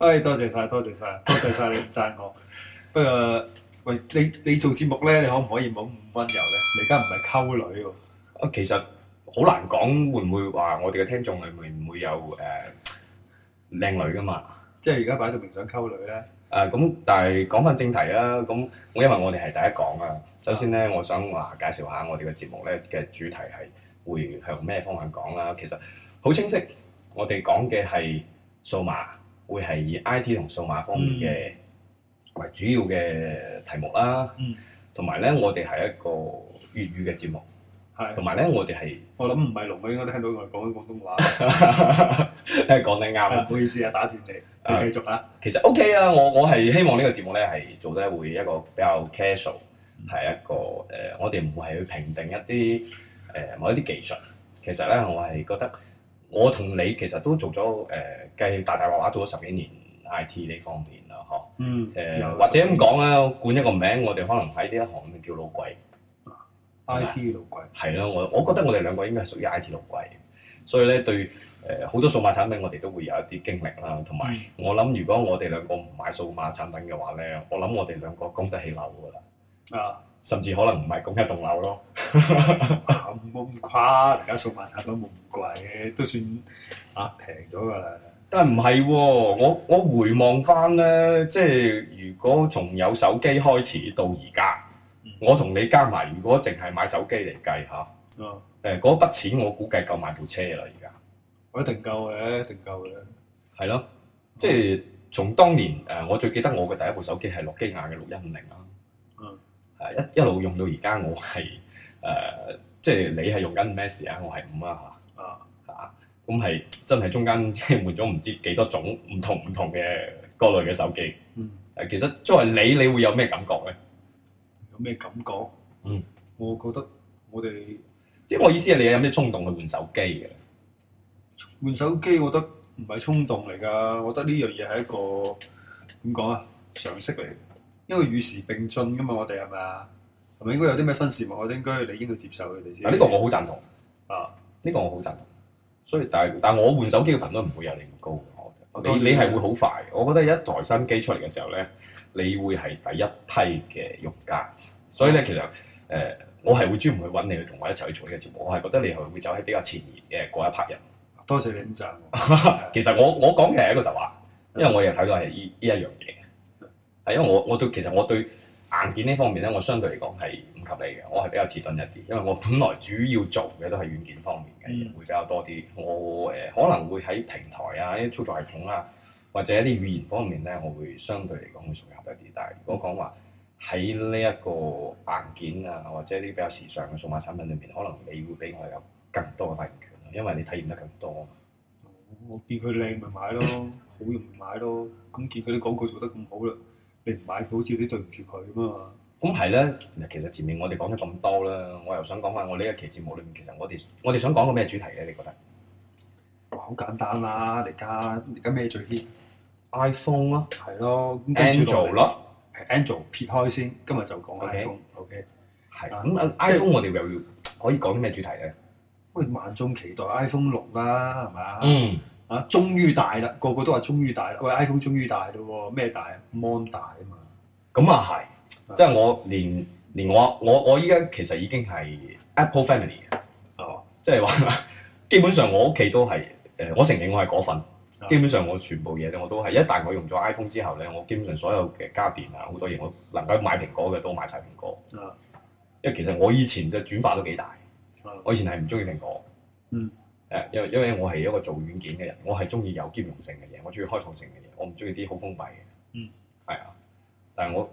哎，多謝晒，多謝晒，多謝晒。你讚我。 不過，喂，你你做節目咧，你可唔可以冇咁溫柔咧？你而家唔係溝女喎。啊，其實好難講，會唔會話我哋嘅聽眾裏面唔會有誒靚女噶嘛？即係而家擺到明想溝女咧。啊，咁但係講翻正題啦。咁我因為我哋係第一講啊，首先咧，我想話介紹下我哋嘅節目咧嘅主題係會向咩方向講啦。其實好清晰，我哋講嘅係數碼。會係以 I T 同數碼方面嘅為主要嘅題目啦，同埋咧我哋係一個粵語嘅節目，同埋咧我哋係我諗唔係龍哥，我應該都聽到我講緊廣東話，因為講得啱啦。唔好意思啊，打斷你，你繼續啦、啊。其實 OK 啊，我我係希望呢個節目咧係做得會一個比較 casual，係、嗯、一個誒、呃，我哋唔會係去評定一啲誒、呃、某一啲技術。其實咧，我係覺得我同你其實都做咗誒。呃呃計大大話話做咗十幾年 IT 呢方面啦，嗬。嗯。誒、呃，或者咁講咧，冠、嗯、一個名，我哋可能喺呢一行裡叫老鬼。啊、是 IT 老鬼。係咯，我我覺得我哋兩個應該係屬於 IT 老鬼，所以咧對誒好、呃、多數碼產品，我哋都會有一啲經歷啦。同埋、嗯、我諗，如果我哋兩個唔買數碼產品嘅話咧，我諗我哋兩個供得起樓噶啦。啊。甚至可能唔係供一棟樓咯。咁咁、啊、 誇？而家數碼產品冇咁貴都算啊平咗噶啦。但唔係喎，我我回望翻咧，即係如果從有手機開始到而家，我同你加埋，如果淨係買手機嚟計吓，誒，嗰筆錢我估計夠買部車啦，而家，我一定夠嘅，一定夠嘅，係咯，啊、嗯、即係從當年誒、呃，我最記得我嘅第一部手機係諾基亞嘅六一五零啦，係一一路用到而家，我係誒、呃，即係你係用緊 Mess 啊？我係五啊嚇。咁係真係中間換咗唔知幾多種唔同唔同嘅各類嘅手機。嗯，誒，其實作為你，你會有咩感覺咧？有咩感覺？嗯，我覺得我哋即係我意思係，你有咩衝動去換手機嘅？換手機，我覺得唔係衝動嚟噶，我覺得呢樣嘢係一個點講啊常識嚟，因為與時並進噶嘛，我哋係咪啊？係咪應該有啲咩新事物，我哋應該你應該接受佢哋先。啊，呢個我好讚同啊！呢個我好讚同。所以但係，但我換手機嘅頻率唔會有然你咁高我。你你係會好快，我覺得一台新機出嚟嘅時候咧，你會係第一批嘅用家。所以咧，其實誒、呃，我係會專門去揾你去同我一齊去做呢個節目，我係覺得你係會走喺比較前沿嘅嗰一派人。多謝你讚。 其實我我講嘅係一個實話，因為我又睇到係呢呢一樣嘢，係、嗯、因為我我對其實我對硬件呢方面咧，我相對嚟講係。給你嘅，我係比較遲鈍一啲，因為我本來主要做嘅都係軟件方面嘅，會比較多啲。我誒可能會喺平台啊、一啲操作系統啦、啊，或者一啲語言方面咧，我會相對嚟講會適合一啲。但係如果我講話喺呢一個硬件啊，或者啲比較時尚嘅數碼產品裏面，可能你會比我有更多嘅發言權，因為你體驗得更多啊嘛。哦、嗯，我見佢靚咪買咯， 好容易買咯。咁見佢啲廣告做得咁好啦，你唔買佢好似有啲對唔住佢咁嘛。咁係咧，其實前面我哋講咗咁多啦，我又想講翻我呢一期節目裏面，其實我哋我哋想講個咩主題咧？你覺得？好簡單啦！你家而家咩最 heat？iPhone 咯，係咯，Android 咯，Android 撇開先，今日就講 iPhone。OK，係。咁 iPhone 我哋又要可以講啲咩主題咧？喂，萬眾期待 iPhone 六啦，係咪啊？嗯。啊，終於大啦！個個都話終於大啦！喂，iPhone 終於大啦喎，咩大？Mon 大啊嘛。咁啊係。即係我連連我我我依家其實已經係 Apple Family，係即係話基本上我屋企都係誒，我承認我係果粉。Oh. 基本上我全部嘢咧我都係，一旦我用咗 iPhone 之後咧，我基本上所有嘅家電啊好多嘢，我能夠買蘋果嘅都買晒蘋果。Oh. 因為其實我以前嘅轉化都幾大。Oh. 我以前係唔中意蘋果。嗯。誒，因為因為我係一個做軟件嘅人，我係中意有兼容性嘅嘢，我中意開放性嘅嘢，我唔中意啲好封閉嘅。嗯。係啊，但係我。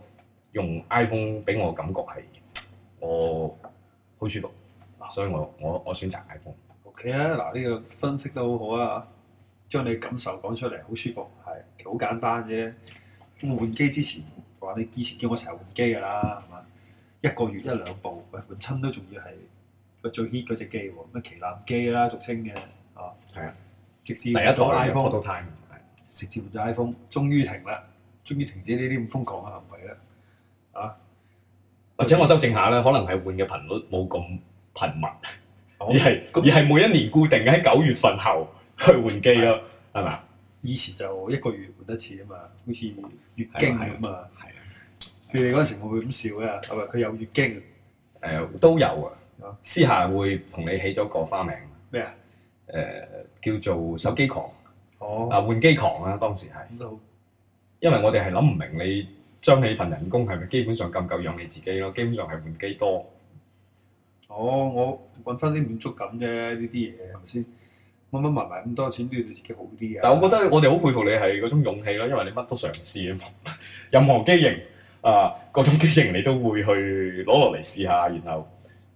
用 iPhone 俾我感覺係我好舒服，啊、所以我我我選擇 iPhone。O.K. 啊，嗱、這、呢個分析都好好啊，將你感受講出嚟，好舒服係其實好簡單啫。換機之前話你以前叫我成日換機㗎啦，係嘛？一個月一兩部，喂，換親都仲要係最 hit 嗰隻機喎，咩旗艦機啦俗稱嘅哦。係啊，直至第一個 iPhone 到 time，直接換咗 iPhone，啊、終於停啦，終於停止呢啲咁瘋狂嘅行為啦。啊啊啊啊！或者我修正下啦，可能係換嘅頻率冇咁頻密，哦、而係而係每一年固定喺九月份後去換機咯，係咪？以前就一個月換一次啊嘛，好似月經係咁嘛，係啊。譬如你哋嗰陣時會唔會咁笑啊？係咪？佢有月經？誒、呃，都有啊。哦、私下會同你起咗個花名咩啊？誒麼、呃，叫做手機狂哦，啊，換機狂啊，當時係，嗯、因為我哋係諗唔明你。將你份人工係咪基本上夠唔夠養你自己咯？基本上係換機多。哦，我揾翻啲滿足感啫，呢啲嘢係咪先？乜乜埋埋咁多錢都要對自己好啲嘅、啊。但係我覺得我哋好佩服你係嗰種勇氣咯，因為你乜都嘗試呵呵，任何機型啊，各種機型你都會去攞落嚟試下，然後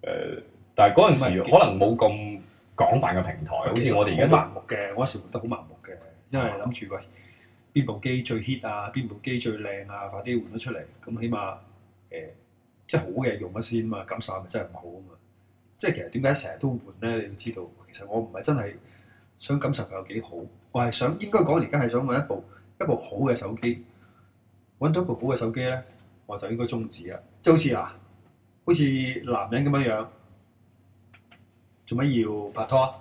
誒、呃，但係嗰陣時可能冇咁廣泛嘅平台，好似、嗯、我哋而家盲目嘅，我成日覺得好盲目嘅，因為諗住喂。嗯邊部機最 hit 啊？邊部機最靚啊？快啲換咗出嚟！咁起碼誒、呃，即係好嘅用咗先啊嘛，感受咪真係唔好啊嘛！即係其實點解成日都換咧？你要知道，其實我唔係真係想感受佢有幾好，我係想應該講而家係想揾一部一部好嘅手機，揾到一部好嘅手機咧，我就應該終止啦。即係好似啊，好似男人咁樣樣，做乜要拍拖？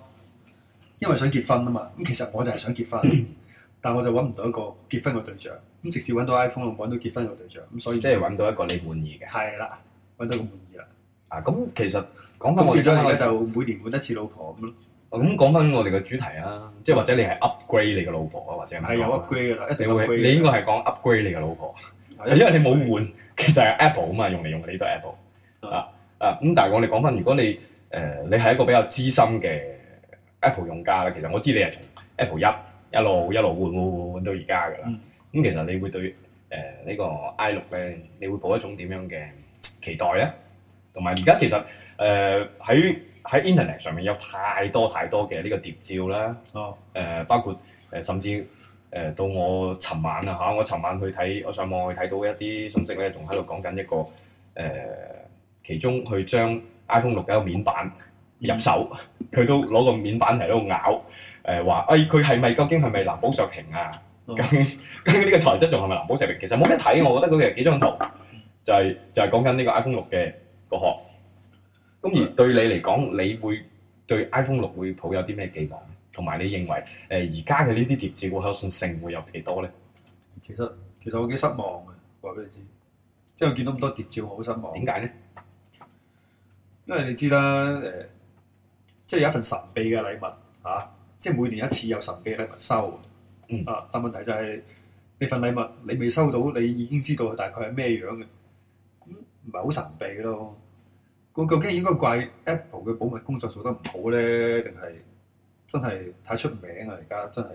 因為想結婚啊嘛。咁其實我就係想結婚。 但我就揾唔到一個結婚嘅對象，咁直至揾到 iPhone，我揾到結婚嘅對象，咁所以即係揾到一個你滿意嘅。係啦，揾到個滿意啦。啊，咁其實講翻我而家就每年換一次老婆咁咯。咁講翻我哋嘅主題啊，即係或者你係 upgrade 你嘅老婆啊，或者係有 upgrade 噶啦，一定會。你應該係講 upgrade 你嘅老婆，因為你冇換，其實係 Apple 啊嘛，用嚟用去都係 Apple 啊啊！咁但係我哋講翻，如果你誒你係一個比較資深嘅 Apple 用家啦，其實我知你係從 Apple 一。一路一路換換換到而家㗎喇，咁、嗯、其實你會對誒呢、呃這個 I 六咧，你會抱一種點樣嘅期待咧？同埋而家其實誒喺喺 Internet 上面有太多太多嘅呢個諜照啦，誒、哦呃、包括誒、呃、甚至誒、呃、到我尋晚啊嚇，我尋晚去睇我上網去睇到一啲信息咧，仲喺度講緊一個誒、呃，其中去將 iPhone 六嘅一個面板入手，佢、嗯嗯、都攞個面板嚟喺度咬。誒話，誒佢係咪究竟係咪藍寶石屏啊？究竟呢、啊哦、 個材質仲係咪藍寶石屏？其實冇咩睇，我覺得嗰幾幾張圖、嗯、就係、是、就係講緊呢個 iPhone 六嘅個殼。咁、嗯、而對你嚟講，你會對 iPhone 六會抱有啲咩寄望？同埋你認為誒而家嘅呢啲諜照可信性會有幾多咧？其實其實我幾失望嘅，話俾你知，即係我見到咁多諜照，我好失望。點解咧？因為你知啦，誒、呃，即係有一份神秘嘅禮物嚇。啊。即係每年一次有神秘禮物收、嗯、啊！但問題就係、是、呢份禮物你未收到，你已經知道佢大概係咩樣嘅，咁唔係好神秘咯。咁究竟應該怪 Apple 嘅保密工作做得唔好咧，定係真係太出名啊？而家真係。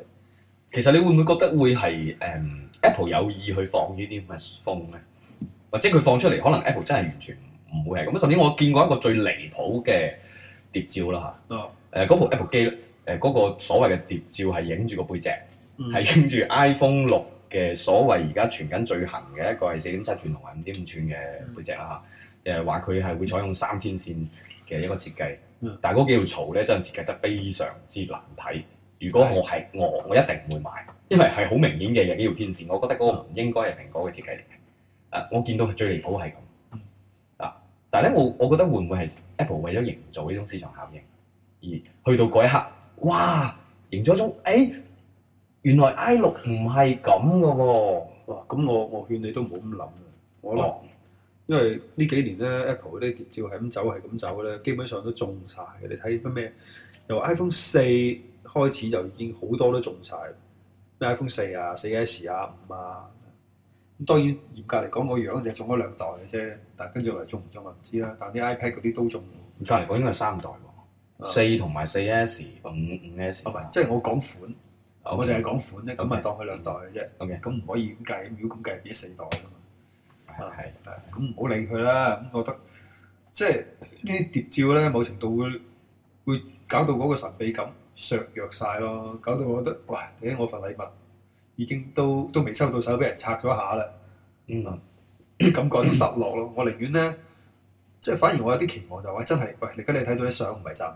其實你會唔會覺得會係誒、嗯、Apple 有意去放呢啲咁嘅風咧？或者佢放出嚟，可能 Apple 真係完全唔會係咁。嗯、甚至我見過一個最離譜嘅諜照啦嚇。誒、啊、嗰、嗯呃、部 Apple 機咧。誒嗰、呃那個所謂嘅諜照係影住個背脊，係、嗯、影住 iPhone 六嘅所謂而家傳緊最行嘅一個係四點七寸同埋五點五寸嘅背脊啦嚇。誒話佢係會採用三天線嘅一個設計，嗯、但係嗰幾條槽咧真係設計得非常之難睇。如果我係的我，我一定唔會買，因為係好明顯嘅有幾條天線。我覺得嗰個唔應該係蘋果嘅設計嚟嘅。誒、呃，我見到最離譜係咁。嗱、呃，但係咧我我覺得會唔會係 Apple 為咗營造呢種市場效應而去到嗰一刻？哇！贏咗中，誒、欸、原來 I 六唔係咁嘅喎。哇！咁我我勸你都唔好咁諗我落，嗯、因為呢幾年咧，Apple 啲諜照係咁走，係咁走咧，基本上都中晒嘅。你睇翻咩？由 iPhone 四開始就已經好多都中晒咩 iPhone 四啊、四 S 啊、五啊。咁當然嚴格嚟講，個樣就中咗兩代嘅啫。但跟住嚟中唔中就唔知啦。但啲 iPad 嗰啲都中。嚴格嚟講，應該係三代。四同埋四 S，五五 S。即係我講款，我淨係講款啫，咁咪當佢兩代嘅啫。咁唔可以咁計，如果咁計，變咗四代㗎嘛。係咁唔好理佢啦，覺得即係呢啲諜照咧，某程度會會搞到嗰個神秘感削弱晒咯，搞到我覺得哇，點我份禮物已經都都未收到手，俾人拆咗下啦。嗯。咁覺得失落咯，我寧願咧，即係反而我有啲期望就話，真係喂，而家你睇到啲相唔係真。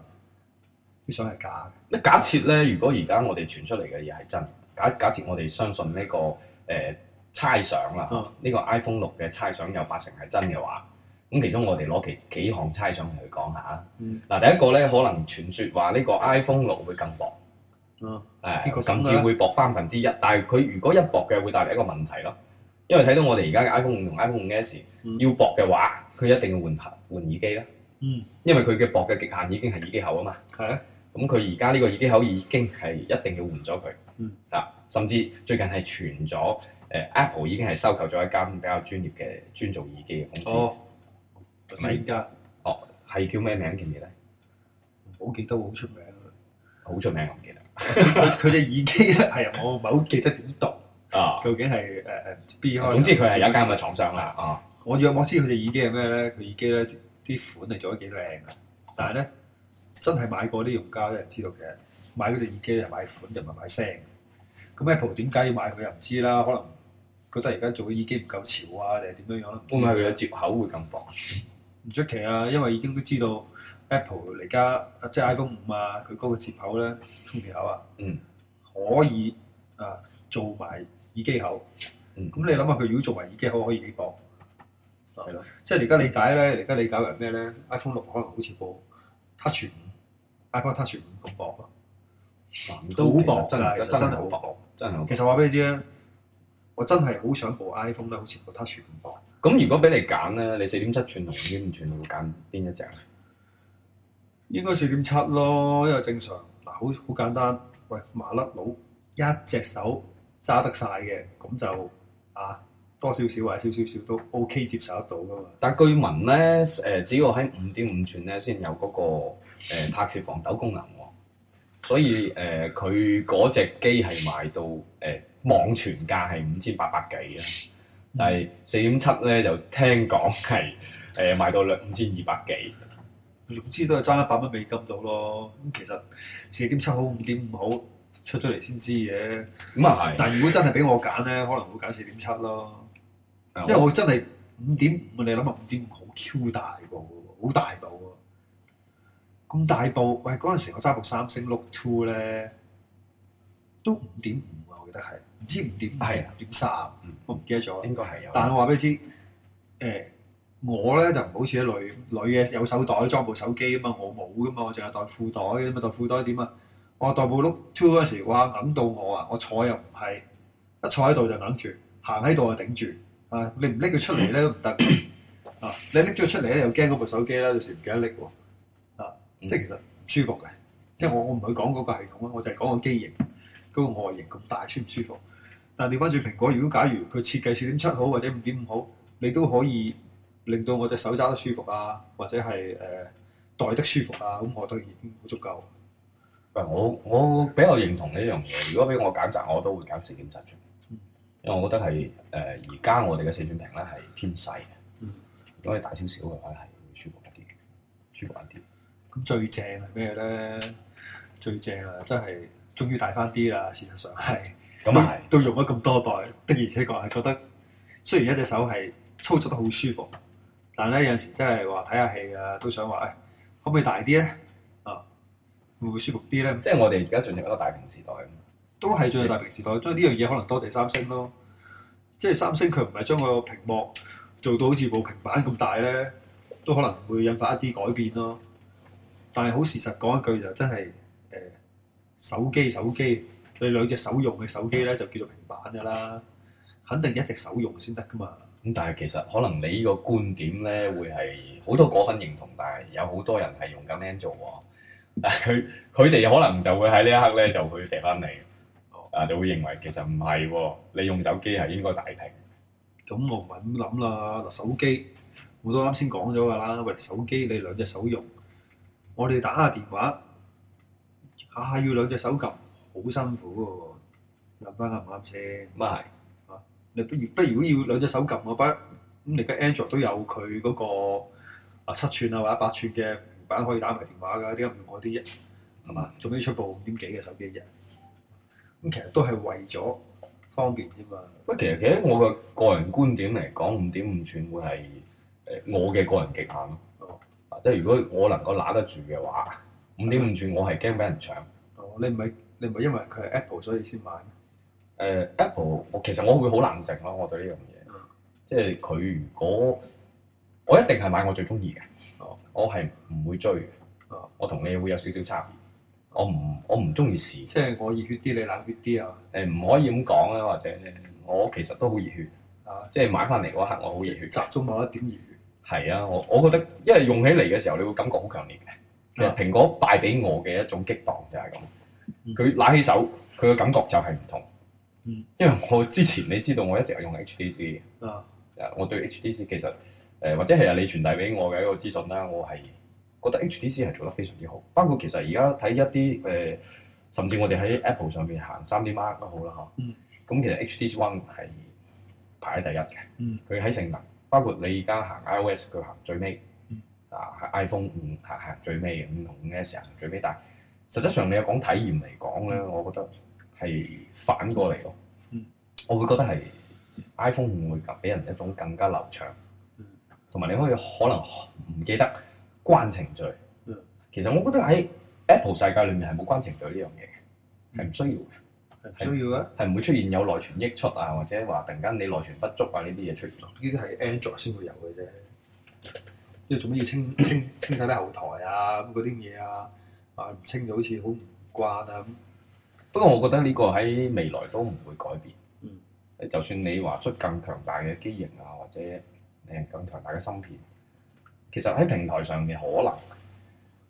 想係假假設呢，如果而家我哋傳出嚟嘅嘢係真，假假設我哋相信呢、這個誒猜想啦，呢、呃啊嗯、個 iPhone 六嘅猜想有八成係真嘅話，咁其中我哋攞幾幾項猜想同佢講下嗱，嗯、第一個呢，可能傳説話呢個 iPhone 六會更薄，甚至、嗯這個、會薄三分之一。但係佢如果一薄嘅，會帶嚟一個問題咯，因為睇到我哋而家嘅 iPhone 五同 iPhone 五 S 要薄嘅話，佢一定要換合換耳機啦。嗯、因為佢嘅薄嘅極限已經係耳機口啊嘛。係啊、嗯。咁佢而家呢個耳機口已經係一定要換咗佢，啊，甚至最近係傳咗誒 Apple 已經係收購咗一間比較專業嘅專做耳機嘅公司。哦，係依家，哦，係叫咩名叫咩咧？好記得，好出名。好出名，我唔記得。佢佢隻耳機咧係我唔係好記得點讀啊？究竟係誒誒 B 開？總之佢係有一間咁嘅廠商啦。哦，我約我知佢隻耳機係咩咧？佢耳機咧啲款係做得幾靚㗎，但係咧。真係買過啲用家咧，知道嘅，其實買嗰隻耳機係買款，又唔係買聲。咁 Apple 點解要買佢又唔知啦？可能覺得而家做嘅耳機唔夠潮啊，定係點樣樣咯？會唔會佢有接口會咁薄？唔出奇啊，因為已經都知道 Apple 嚟家即係 iPhone 五啊，佢嗰個接口咧充電口啊，嗯、可以啊做埋耳機口。咁、嗯、你諗下佢如果做埋耳機口可以幾薄？係啦、嗯，即係而家理解咧，而家理解為咩咧？iPhone 六可能好似個 Touch iPod Touch 五咁薄啊，好薄真係，真係好薄，真係好。其實話俾你知咧，嗯、我真係好想部 iPhone 咧，好似部 Touch 五薄。咁、嗯、如果俾你揀咧，你四點七吋同五點五吋，你會揀邊一隻咧？應該四點七咯，因為正常嗱，好好簡單。喂，麻甩佬，一隻手揸得晒嘅，咁就啊。多少少或者少少少都 OK 接受得到噶嘛？但據聞咧，誒、呃、只要喺五點五寸咧，先有嗰個拍攝防抖功能喎，所以誒佢嗰隻機係賣到誒、呃、網傳價係五千八百幾啦，但係四點七咧就聽講係誒賣到兩五千二百幾，總之都係爭一百蚊美金到咯。咁其實四點七好五點五好出咗嚟先知嘅，咁啊係。但係如果真係俾我揀咧， 可能會揀四點七咯。因為我真係五點五，你諗下五點五好 Q 大部，好大部喎！咁大部，喂嗰陣時我揸部三星 Note Two 咧，都五點五啊！我記得係，唔知五點五係五點三，我唔記得咗。應該係有。但係我話俾你知，誒我咧就唔好似一女女嘅有手袋裝部手機啊嘛，我冇噶嘛，我淨係袋褲袋嘅嘛，袋褲袋點啊？我袋部 Note Two 嗰時，哇揞到我啊！我坐又唔係，一坐喺度就揞住，行喺度就頂住！啊！你唔拎佢出嚟咧都唔得啊！你拎咗出嚟咧又驚嗰部手機啦，有時唔記得拎喎啊！即係其實唔舒服嘅。即係我我唔會講嗰個系統啦，我就係講個機型嗰個外形咁大，舒唔舒服。但係你翻轉蘋果，如果假如佢設計四點七好或者五點五好，你都可以令到我隻手揸得舒服啊，或者係誒袋得舒服啊，咁我都已經好足夠。嗱，我我比較認同呢樣嘢。如果俾我揀擇，我都會揀四點七出因為我覺得係誒而家我哋嘅四寸屏咧係偏細嘅，嗯、如果你大少少嘅話係會舒服一啲，舒服一啲。咁最正係咩咧？最正啊！真係終於大翻啲啦！事實上係，都用咗咁多代，的而且確係覺得雖然一隻手係操作得好舒服，但係咧有陣時真係話睇下戲啊，都想話誒、哎、可唔可以大啲咧？啊，會唔會舒服啲咧？即係我哋而家進入一個大屏時代都係最大屏時代，所以呢樣嘢可能多謝三星咯。即係三星佢唔係將個屏幕做到好似部平板咁大咧，都可能會引發一啲改變咯。但係好事實講一句就真係誒、欸、手機手機，你兩隻手用嘅手機咧就叫做平板噶啦，肯定一隻手用先得噶嘛。咁但係其實可能你呢個觀點咧會係好多嗰份認同，但係有好多人係用緊 Android，但係佢佢哋可能就會喺呢一刻咧就會肥翻你。啊，就會認為其實唔係喎，你用手機係應該大屏。咁、嗯、我唔係咁諗啦，嗱手機，我都啱先講咗㗎啦。喂，手機你兩隻手用，我哋打下電話，下、啊、下要兩隻手撳，好辛苦喎。諗翻啱唔啱先？咁嗎啊係，嚇你不如不如果要兩隻手撳，我不咁你嘅 Android 都有佢嗰、那個啊七寸啊或者八寸嘅平板可以打埋電話㗎，點解唔用嗰啲一係嘛？最屘嗎出部五點幾嘅手機一。咁其實都係為咗方便啫嘛。不過其實，其實我嘅個人觀點嚟講，五點五寸會係誒我嘅個人極限咯。哦、即係如果我能夠攬得住嘅話，五點五寸我係驚俾人搶、哦。你唔係你唔係因為佢係 Apple 所以先買？誒、呃、Apple 其實我會好冷靜咯，我對呢樣嘢。哦、即係佢如果我一定係買我最中意嘅。哦、我係唔會追。哦。我同你會有少少差別。我唔我唔中意試，即係我熱血啲，你冷血啲啊？誒唔、欸、可以咁講啊，或者、嗯、我其實都好熱血啊！即係買翻嚟嗰刻，我好熱血，啊、熱血集中某一點熱血。係啊，我我覺得，因為用起嚟嘅時候，你會感覺好強烈嘅。啊、蘋果敗俾我嘅一種激盪就係咁。佢、嗯、拿起手，佢嘅感覺就係唔同。嗯、因為我之前你知道，我一直用 HTC 啊，我對 HTC 其實誒、呃，或者係啊，你傳遞俾我嘅一個資訊啦，我係。覺得 H T C 係做得非常之好，包括其實而家睇一啲誒、呃，甚至我哋喺 Apple 上面行三 D Mark 都好啦嚇。咁、嗯、其實 H T C One 係排喺第一嘅。佢喺、嗯、性能，包括你而家行 I O S 佢行、嗯啊、最尾啊，iPhone 五係係最尾嘅，咁同五 S 行最尾，但係實質上你有講體驗嚟講咧，嗯、我覺得係反過嚟咯。嗯、我會覺得係 iPhone 五會俾人一種更加流暢，同埋、嗯、你可以可能唔記得。關程序，嗯、其實我覺得喺 Apple 世界裏面係冇關程序呢樣嘢，係唔、嗯、需要嘅，係需要嘅，係唔會出現有內存溢出啊，或者話突然間你內存不足啊呢啲嘢出現咗，呢啲係 Android 先會有嘅啫。要做咩要清 清清晒啲後台啊，咁嗰啲嘢啊，清啊清咗好似好唔慣啊咁。 不過我覺得呢個喺未來都唔會改變。嗯，就算你話出更強大嘅機型啊，或者誒更強大嘅芯片。其實喺平台上面，可能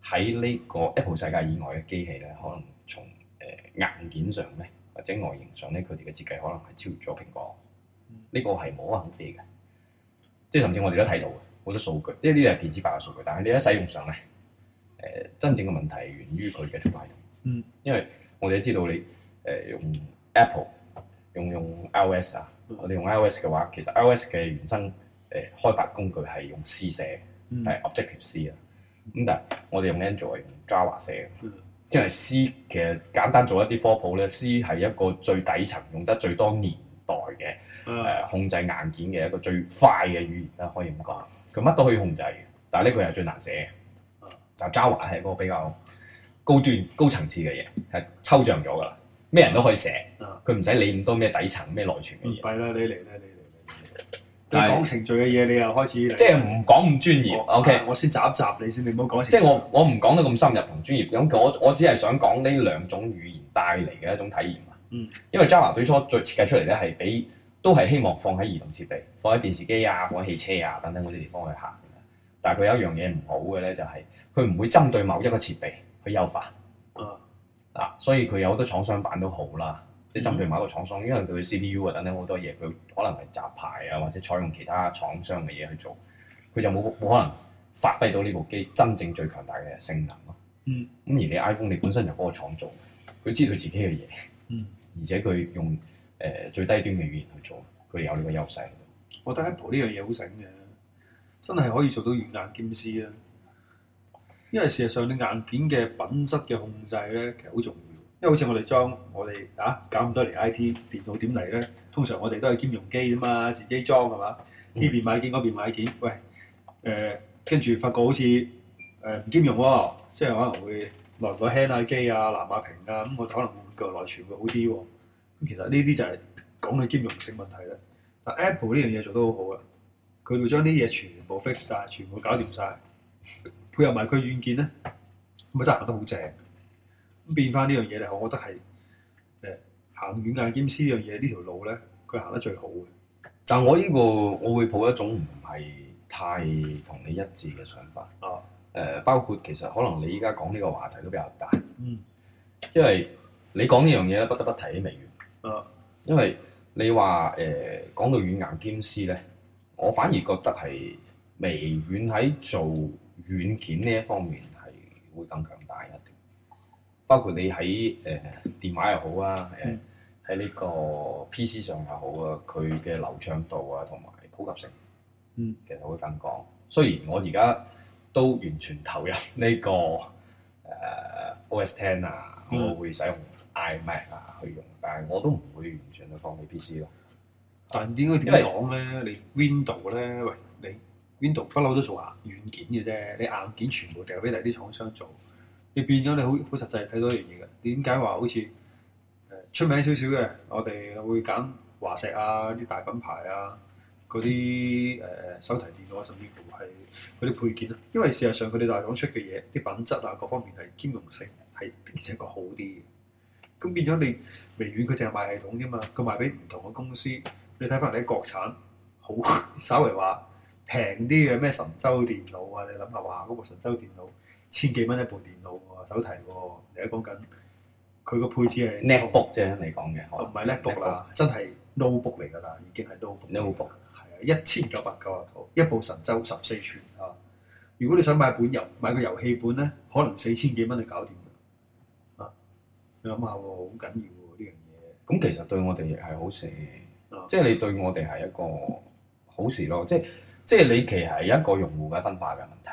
喺呢個 Apple 世界以外嘅機器咧，可能從誒、呃、硬件上咧，或者外形上咧，佢哋嘅設計可能係超越咗蘋果。呢個係冇話冇飛嘅，即係甚至我哋都睇到好多數據，呢啲係電子化嘅數據。但係你喺使用上咧，誒、呃、真正嘅問題源於佢嘅觸發度，嗯、因為我哋都知道你誒、呃、用 Apple 用用 iOS 啊，嗯、我哋用 iOS 嘅話，其實 iOS 嘅原生誒、呃、開發工具係用 C 寫。係 objective C 啊，咁但係我哋用 Android 用 Java 寫，因為 C 其實簡單做一啲科普咧，C 係一個最底層用得最多年代嘅誒、啊呃、控制硬件嘅一個最快嘅語言啦，可以咁講，佢乜都可以控制嘅，但係呢個又最難寫嘅，就 Java 係一個比較高端高層次嘅嘢，係抽象咗噶啦，咩人都可以寫，佢唔使理咁多咩底層咩內存嘅嘢。但你講程序嘅嘢，你又開始。即係唔講咁專業，OK？我先集一集你先，你唔好講。即係我我唔講得咁深入同專業，咁我我只係想講呢兩種語言帶嚟嘅一種體驗啊。嗯。因為 Java 最初最設計出嚟咧，係俾都係希望放喺移動設備、放喺電視機啊、放喺汽車啊等等嗰啲地方去行。但係佢有一樣嘢唔好嘅咧、就係，就係佢唔會針對某一個設備去優化。嗯、啊，所以佢有好多廠商版都好啦。即係針對某一個廠商，因為佢嘅 CPU 啊等等好多嘢，佢可能係雜牌啊，或者採用其他廠商嘅嘢去做，佢就冇冇可能發揮到呢部機真正最強大嘅性能咯。嗯。咁而你 iPhone，你本身就嗰個廠做，佢知道自己嘅嘢，嗯，而且佢用誒、呃、最低端嘅語言去做，佢有呢個優勢。我覺得 Apple 呢樣嘢好醒嘅，真係可以做到軟硬兼施啊！因為事實上，你硬件嘅品質嘅控制咧，其實好重要。因為好似我哋裝，我哋啊搞咁多年 I T 電腦點嚟咧？通常我哋都係兼容機啊嘛，自己裝係嘛？呢邊買件，嗰邊買件，喂誒，跟、呃、住發覺好似誒唔兼容喎、哦，即係可能會耐唔耐 hang 機啊、藍牙、啊、屏啊，咁、嗯、我可能個內存會好啲喎、哦。咁其實呢啲就係講係兼容性問題啦。但 Apple 呢樣嘢做得好好啊，佢會將啲嘢全部 fix 晒、er，全部搞掂晒。配合埋佢軟件咧，咪真係行得好正。咁變翻呢樣嘢咧，我覺得係誒行軟硬兼施呢樣嘢呢條路咧，佢行得最好嘅。但我呢個我會抱一種唔係太同你一致嘅想法。啊，誒、呃、包括其實可能你依家講呢個話題都比較大。嗯，因為你講呢樣嘢咧，不得不提起微軟。啊，因為你話誒講到軟硬兼施咧，我反而覺得係微軟喺做軟件呢一方面係會更強大一啲。包括你喺誒、呃、電話又好啊，誒喺呢個 P C 上又好啊，佢嘅流暢度啊同埋普及性，嗯，其實會更高。雖然我而家都完全投入呢、這個誒、呃、O S Ten 啊，嗯、我會使用 iMac 啊去用，但係我都唔會完全去放棄 P C 咯、啊。但點解點講咧？為你 Windows 咧，喂，你 Windows 不嬲都做軟件嘅啫，你硬件全部掉俾第啲廠商做。變你變咗你好好實際睇到一樣嘢嘅，點解話好似誒、呃、出名少少嘅，我哋會揀華碩啊啲大品牌啊嗰啲誒手提電腦，甚至乎係嗰啲配件啦。因為事實上佢哋大廠出嘅嘢，啲品質啊各方面係兼容性係而且個好啲嘅。咁變咗你微軟佢淨係賣系統啫嘛，佢賣俾唔同嘅公司。你睇翻你喺國產，好稍微話平啲嘅咩神舟電腦啊，你諗下哇，嗰、那個神舟電腦。千幾蚊一部電腦手提喎，而家講緊佢個配置係。Notebook 啫，你講嘅。唔係 notebook 啦，notebook 真係 lowbook 嚟噶啦，已經係 lowbook，lowbook 係啊，一千九百九啊套，一部神舟十四寸啊。如果你想買本遊，買個遊戲本咧，可能四千幾蚊就搞掂啦。啊，你諗下好緊、啊、要喎呢樣嘢。咁、啊、其實對我哋係好事，即係、啊、你對我哋係一個好事咯。即係即係你其實係一個用戶嘅分化嘅問題。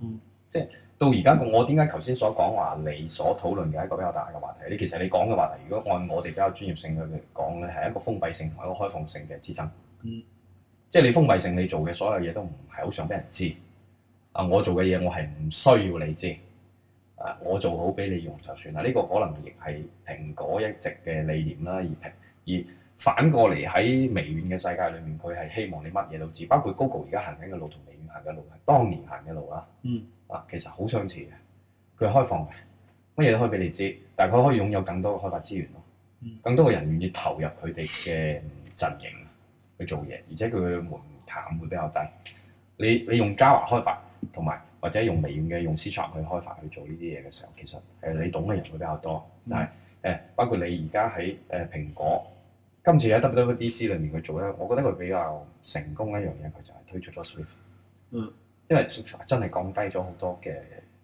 嗯，即係、就是。到而家我點解頭先所講話你所討論嘅一個比較大嘅話題，你其實你講嘅話題，如果按我哋比較專業性去講咧，係一個封閉性同一個開放性嘅之爭。嗯，即係你封閉性，你做嘅所有嘢都唔係好想俾人知。啊，我做嘅嘢我係唔需要你知。啊，我做好俾你用就算啦。呢個可能亦係蘋果一直嘅理念啦，而而反過嚟喺微軟嘅世界裏面，佢係希望你乜嘢都知，包括 Google 而家行緊嘅路同微軟行嘅路，係當年行嘅路啊。嗯。嗱，其實好相似嘅，佢開放嘅，乜嘢都可以俾你知，但佢可以擁有更多嘅開發資源咯，嗯、更多嘅人願意投入佢哋嘅陣營去做嘢，而且佢嘅門檻會比較低。你你用 Java 開發，同埋或者用微軟嘅用 C++ 去開發去做呢啲嘢嘅時候，其實誒你懂嘅人會比較多，但係誒、嗯、包括你而家喺誒蘋果，今次喺 WWDC 裏面去做咧，我覺得佢比較成功一樣嘢，佢就係推出咗 Swift。嗯。因為真係降低咗好多嘅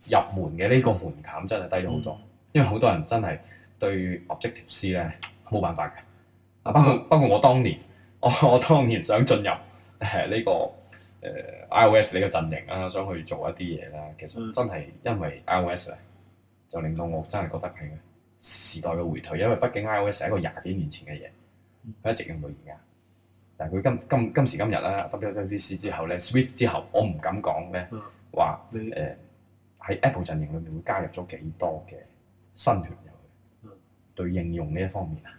入門嘅呢個門檻，真係低咗好多。嗯、因為好多人真係對 Objective-C 咧冇辦法嘅。啊、嗯，包括包括我當年，我我當年想進入誒呢、這個誒、呃、iOS 呢個陣營啊，想去做一啲嘢啦。其實真係因為 iOS 咧，就令到我真係覺得係嘅時代嘅回退。因為畢竟 iOS 係一個廿幾年前嘅嘢，佢、嗯、一直用到而家。但係佢今今今時今日啦 WWDC 之後咧，Swift 之後，我唔敢講咧，話誒喺、呃、Apple 陣營裏面會加入咗幾多嘅新血入去？對應用呢一方面啊，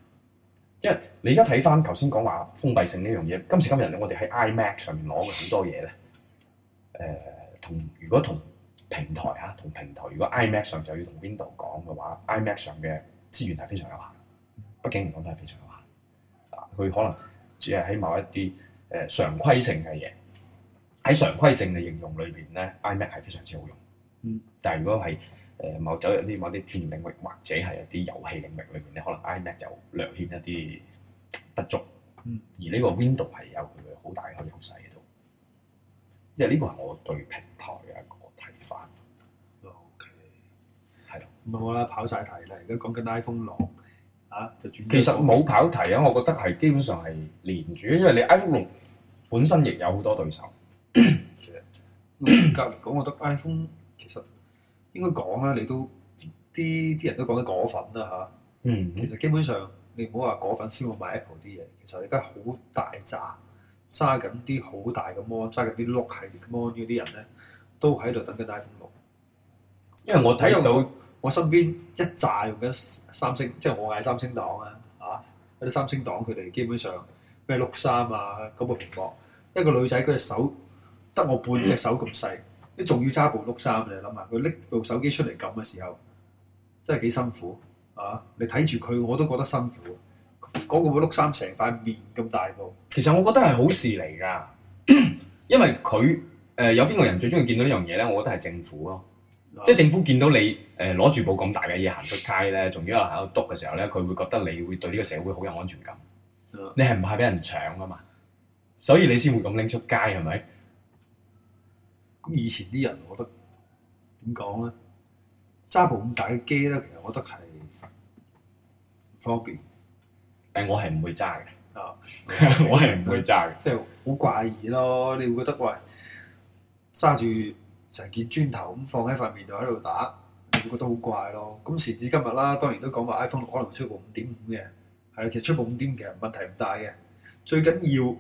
因為你而家睇翻頭先講話封閉性呢一樣嘢，今時今日咧，我哋喺 iMac 上面攞嘅好多嘢咧，誒、呃、同如果同平台嚇、啊、同平台，如果 iMac 上就要同 Windows 講嘅話，iMac 上嘅資源係非常有限，畢竟嚟講都係非常有限，佢可能。只係喺某一啲誒、呃、常規性嘅嘢，喺常規性嘅應用裏邊咧，iMac 係非常之好用。嗯。但係如果係誒、呃、某走入啲某啲專業領域或者係一啲遊戲領域裏邊咧，可能 iMac 就略欠一啲不足。嗯。而呢個 Windows 係有佢嘅好大嘅優勢喺度，因為呢個係我對平台嘅一個睇法。OK。係啦，咁冇啦，跑晒題啦，而家講緊 iPhone 六。啊！就其實冇跑題啊，我覺得係基本上係連住，因為你 iPhone 六本身亦有好多對手。 其實隔籬講，我覺得 iPhone 其實應該講啦、啊，你都啲啲人都講緊果粉啦嚇。啊、嗯哼，其實基本上你唔好話果粉先會買 Apple 啲嘢，其實而家好大揸揸緊啲好大嘅 mon，揸緊啲碌系 mon 啲人咧，都喺度等緊 iPhone 六。因為我睇到。我身邊一紮用緊三星，即係我嗌三星黨啊，啊，嗰啲三星黨佢哋基本上咩碌衫啊，嗰部屏幕，一個女仔佢隻手得我半隻手咁細，你仲要揸部碌衫，你諗下，佢拎部手機出嚟撳嘅時候，真係幾辛苦啊！你睇住佢，我都覺得辛苦。嗰個部碌衫成塊面咁大部，其實我覺得係好事嚟噶，因為佢誒、呃、有邊個人最中意見到呢樣嘢咧？我覺得係政府咯。即係政府見到你誒攞住部咁大嘅嘢行出街咧，仲要喺度篤嘅時候咧，佢會覺得你會對呢個社會好有安全感。嗯、你係唔怕俾人搶噶嘛？所以你先會咁拎出街係咪？咁以前啲人，我覺得點講咧？揸部咁大嘅機咧，其實我覺得係方便，但我係唔會揸嘅。啊、哦， 我係唔會揸嘅，即係好怪異咯。你會覺得喂，揸住？成件磚頭咁放喺塊面度喺度打，你會覺得好怪咯。咁時至今日啦，當然都講話 iPhone 六可能會出部五點五嘅，係啊，其實出部五點其實問題唔大嘅。最緊要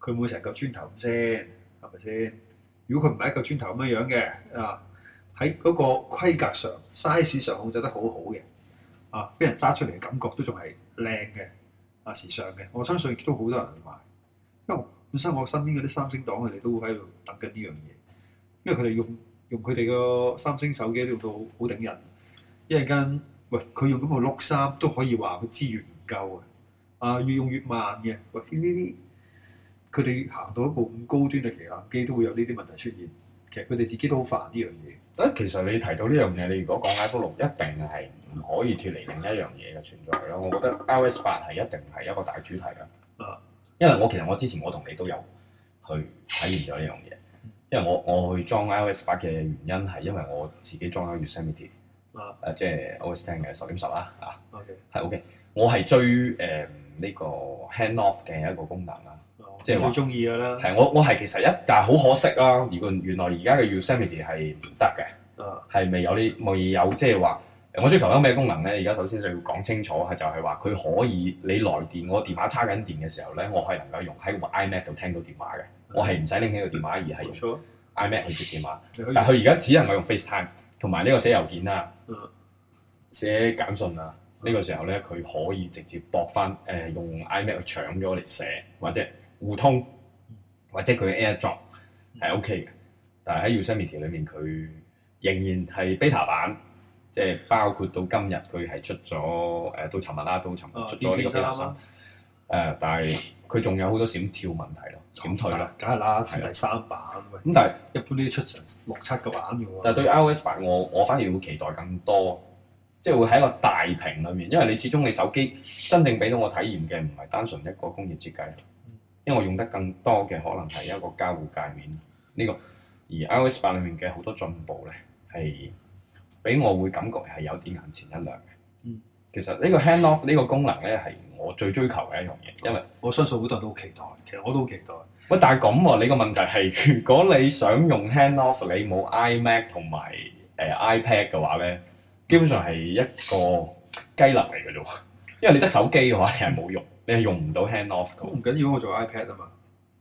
佢唔會成嚿磚頭咁先，係咪先？如果佢唔係一個磚頭咁樣樣嘅啊，喺嗰個規格上，size 上控制得好好嘅啊，俾人揸出嚟嘅感覺都仲係靚嘅啊，時尚嘅，我相信都好多人買。因為本身我身邊嗰啲三星黨佢哋都會喺度等緊呢樣嘢。因為佢哋用用佢哋個三星手機都用到好頂人，一陣間喂佢用嗰部六三都可以話佢資源唔夠啊！越用越慢嘅，喂呢啲佢哋行到一部咁高端嘅旗艦機都會有呢啲問題出現，其實佢哋自己都好煩呢樣嘢。誒，其實你提到呢樣嘢，你如果講 iPhone 六，一定係唔可以脱離另一樣嘢嘅存在咯。我覺得 iOS 八係一定係一個大主題啦。誒，因為我其實我之前我同你都有去體驗咗呢樣嘢。因為我我去裝 iOS 八嘅原因係因為我自己裝緊 Yosemite 啊，即係 Always 聽嘅十點十啦啊，OK，係 OK，我係追誒呢、呃這個 hand off 嘅一個功能啦，即係好中意嘅啦。係我我係其實一，但係好可惜啦。如果原來而家嘅 Yosemite 係唔得嘅，係未有呢，未有即係話我追求緊咩功能咧？而家首先就要講清楚係就係話佢可以你來電，我電話叉緊電嘅時候咧，我係能夠用喺 iMac 度 o 聽到電話嘅。我係唔使拎起個電話，而係用 iMac 去接電話。但佢而家只能夠用 FaceTime 同埋呢個寫郵件啦，寫簡訊啦。呢個時候咧，佢可以直接駁翻誒用 iMac 去搶咗嚟寫，或者互通，或者佢 AirDrop 係 OK 嘅。但係喺 U 身 Media 裏面，佢仍然係 beta 版，即係包括到今日佢係出咗誒到尋日啦，到尋日出咗呢個更新。誒，但係佢仲有好多閃跳問題咯。減退啦，梗係啦，睇第三版咁。但係一般都出成六七個版嘅喎。但係對 iOS 八，我我反而會期待更多，即係會喺一個大屏裏面，因為你始終你手機真正俾到我體驗嘅唔係單純一個工業設計，因為我用得更多嘅可能係一個交互界面呢個。而 iOS 八裏面嘅好多進步咧，係俾我會感覺係有啲眼前一亮嘅。嗯，其實呢個 handoff 呢個功能咧係。我最追求嘅一樣嘢，因為我相信好多人都好期待，其實我都好期待。喂，但係咁喎，你個問題係，如果你想用 hand off，你冇 iMac 同埋誒 iPad 嘅話咧，基本上係一個雞肋嚟嘅啫喎。因為你得手機嘅話，你係冇用，你係用唔到 hand off 嘅。唔緊要，我做 iPad 啊嘛。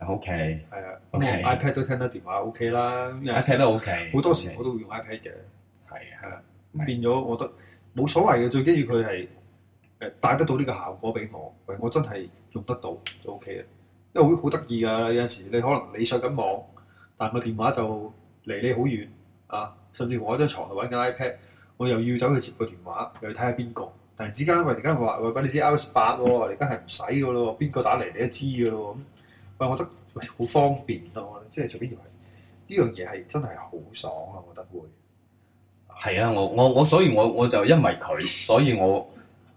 OK，係啊，咩 iPad 都聽得電話 OK 啦，iPad 都 OK。好多時我都會用 iPad 嘅。係啊，咁變咗，我覺得冇所謂嘅，最緊要佢係。誒帶得到呢個效果俾我，喂，我真係用得到就 O K 啦，因為好好得意噶。有陣時你可能你上緊網，但個電話就離你好遠啊，甚至我喺張床度玩緊 iPad，我又要走去接個電話，又要睇下邊個。突然之間，喂，而家間話喂，俾你知 iPhone 八喎，你而家係唔使噶咯，邊個打嚟你都知噶咯咁。喂，我覺得喂好方便咯，啊，即係最緊要係呢樣嘢係真係好爽啊！我覺得會係啊，我我我所以，我我就因為佢，所以我。我